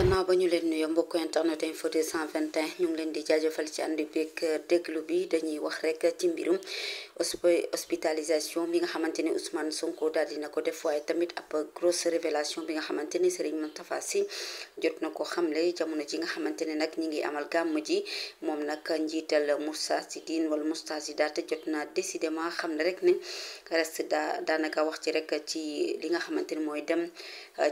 gannaaw ba ñu leen nuyoo mbokk internet info 221 ñu ngi leen di jaajëfal ci ànd beeg déglu bi dañuy wax rek ci mbirum hospitalisation bi nga xamante ni Ousmane Sonko daal dina ko def waaye tamit ab grosse bi nga xamante ni Serigne Moustapha Sy jot na ko xamle jamono ji nga xamante ne nag ñi ngi amal gàmm ji moom nag njiital Moustarchidine wala Moustarchidaty jot na décidément xam ne rek ni reste daanaka wax ci rek ci li nga xamante ni mooy dem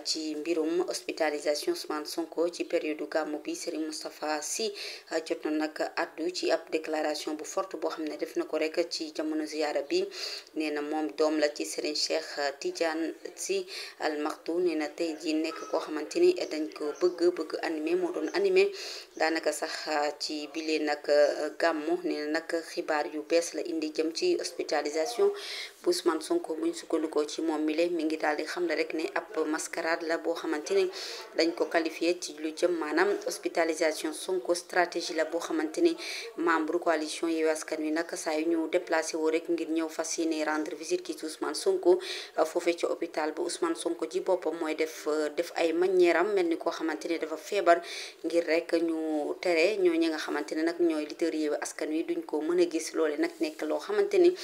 ci mbirum hospitalisation Ousmane Sonko ci période gàmmu bi Serigne Moustapha Sy ah, jot na nag addu ci ab déclaration bu forte boo xam ne def na ko rek ci jamono ziyaara bi nee na moom doom la ci Serigne Cheikh ah, Tidiane si Al Maktoum na tey jii nekk koo xamante ni dañ ko bëgg bëgg animé moo doon animé daanaka sax ah, ci bile nag gàmmu nee na nag xibaar yu bees la indi jëm ci hospitalisation. bu Ousmane Sonko buñ sukkandikoo ci moom mile mi ngi daal di xam ne rek ne ab mascarade la boo xamante ne dañ ko qualifié ci lu jëm maanaam hospitalisation Sonko stratégie la boo xamante ni membre coalition Yewwi Askan Wi nag saa yu ñu déplacé woo rek ngir ñëw fas yéene rendre visite kii ci Ousmane Sonko foofee ci hôpital bu Ousmane Sonko ci boppam mooy def def ay manière mel ni koo xamante ne dafa feebar ngir rek ñu tere ñoo ñi nga xamante ne nag ñooy leader Yewwi Askan Wi duñ ko mën a gis loole nag nekk loo xamante ni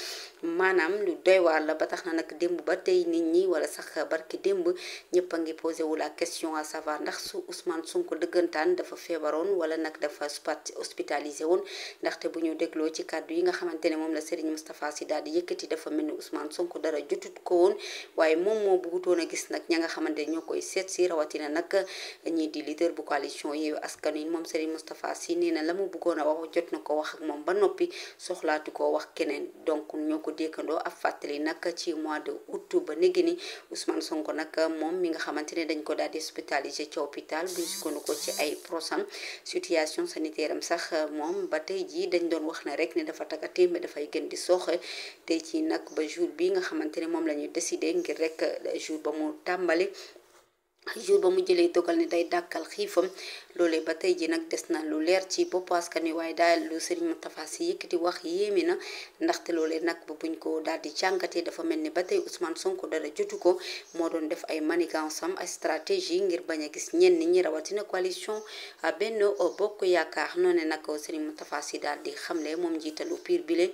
maanaam lu doy waar la ba tax na nag démb ba tey nit ñi wala sax barki démb ñëpp a ngi posé wu la question à savoir ndax su Ousmane Sonko dëggantaan dafa feebaroon wala nag dafa hospitalisé woon ndaxte bu ñu dégloo ci kàddu yi nga xamante ne moom la Serigne Moustapha Sy daal di yëkkati dafa mel ni Ousmane Sonko dara jotut ko woon waaye moom moo bëggutoon a gis nag ña nga xamante ne ñoo koy seet si rawatina nag ñii di leader bu coalition Yewwi Askan yi moom Serigne Moustapha Sy nee na la mu bëggoon a wax jot na ko wax ak moom ba noppi soxlaatu koo wax keneen donc ñoo ko dékkandoo ab fàttali nag ci mois de août ba léegi ni Ousmane Sonko nag moom mi nga xamante ne dañ ko daal di hospitalisé ci hôpital bu ñu ko ci ay prosam situation sanitaire am sax moom ba tey jii dañ doon wax ne rek ne dafa takkati mais dafay gën di sooxe tey ci nag ba jour bi nga xamante ne moom la ñu décidé ngir rek jour ba mu tàmbali jour ba mu jëlee dogal ne day dàkkal xiifam loole ba tey ji nag des na lu leer ci bopp askan ni waaye daal lu Serigne Moustapha Sy yëkkati wax yéeme na ndaxte loolee nag ba buñ ko daal di jàngatee dafa mel ni ba tey Ousmane Sonko dara jotu ko moo doon def ay manigance am ay stratégie ngir bañ a gis ñenn ñi rawatina coalition Benno Bokk Yaakaar noonu nag Serigne Moustapha Sy daal di xamle moom njiitalu pire bile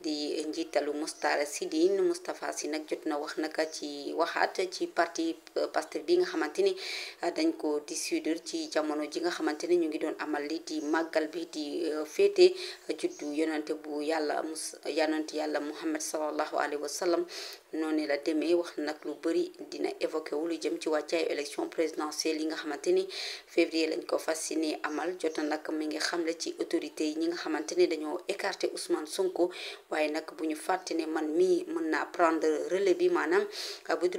di njiitalu Moustapha Sy di Moustapha nag jot na wax naka ci waxaat ci parti Pastef bi nga xamante xamante ah, dañ ko dissoudre ci jamono ji nga xamante ni ñu ngi doon amal li di màggal bi di euh, féete juddu yonante bu yàlla mus yonante yàlla Muhammad sallallahu alayhi wa sallam noonu la demee wax nag lu bëri dina évoqué wu lu jëm ci wàccaay élection présidentielle yi nga xamante ni février lañ ko ni amal jot nag mi ngi xamle ci autorité yi ñi nga xamante ni dañoo écarté Ousmane Sonko waaye nag bu ñu fàtte ne man mii mën naa prendre relais bi maanaam ah, bu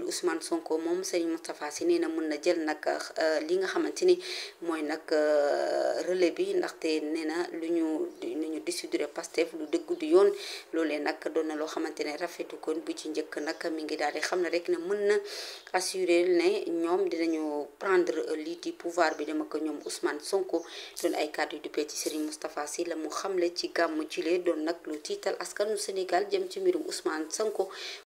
mun na jël nag euh, li nga xamante ni mooy nag euh, relais bi ndaxte nee na lu ñu nu ñu dissoudre Pastef lu dëgg du yoon loolee nag doon na loo xamante ne rafetu kon bu ci njëkk nag mi ngi daal di xam ne rek ne mën na assurer ne ñoom dinañu prendre lii di pouvoir bi dama ko ñoom Ousmane Sonko doon ay cadre du péti Serigne Moustapha Sy la mu xam xamle ci gàmmu jile doon nag lu tiital askanu Sénégal jëm ci mbirum Ousmane Sonko